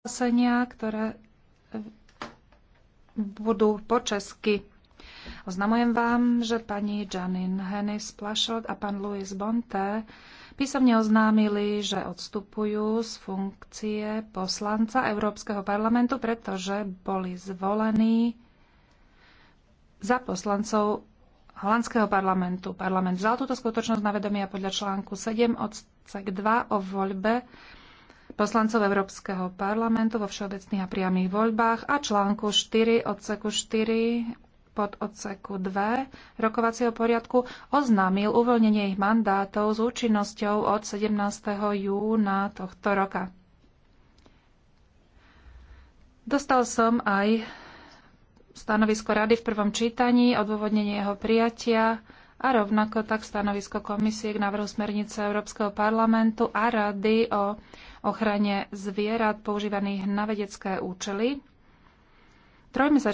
ohlásenia, ktoré eh, budú po česky. Oznamujem vám, že pani Janine Hennis Plašok a pán Louis Bonte písomne oznámili, že odstupujú z funkcie poslanca Európskeho parlamentu, pretože boli zvolení za poslancov holandského parlamentu. Parlament vzal túto skutočnosť na vedomie podľa článku 7 odsek 2 o voľbe poslancov Európskeho parlamentu vo všeobecných a priamých voľbách a článku 4 odseku 4 pod odseku 2 rokovacieho poriadku oznámil uvoľnenie ich mandátov s účinnosťou od 17. júna tohto roka. Dostal som aj stanovisko rady v prvom čítaní, odôvodnenie jeho prijatia a rovnako tak stanovisko komisie k návrhu smernice Európskeho parlamentu a rady o ochrane zvierat používaných na vedecké účely. Trojmesačný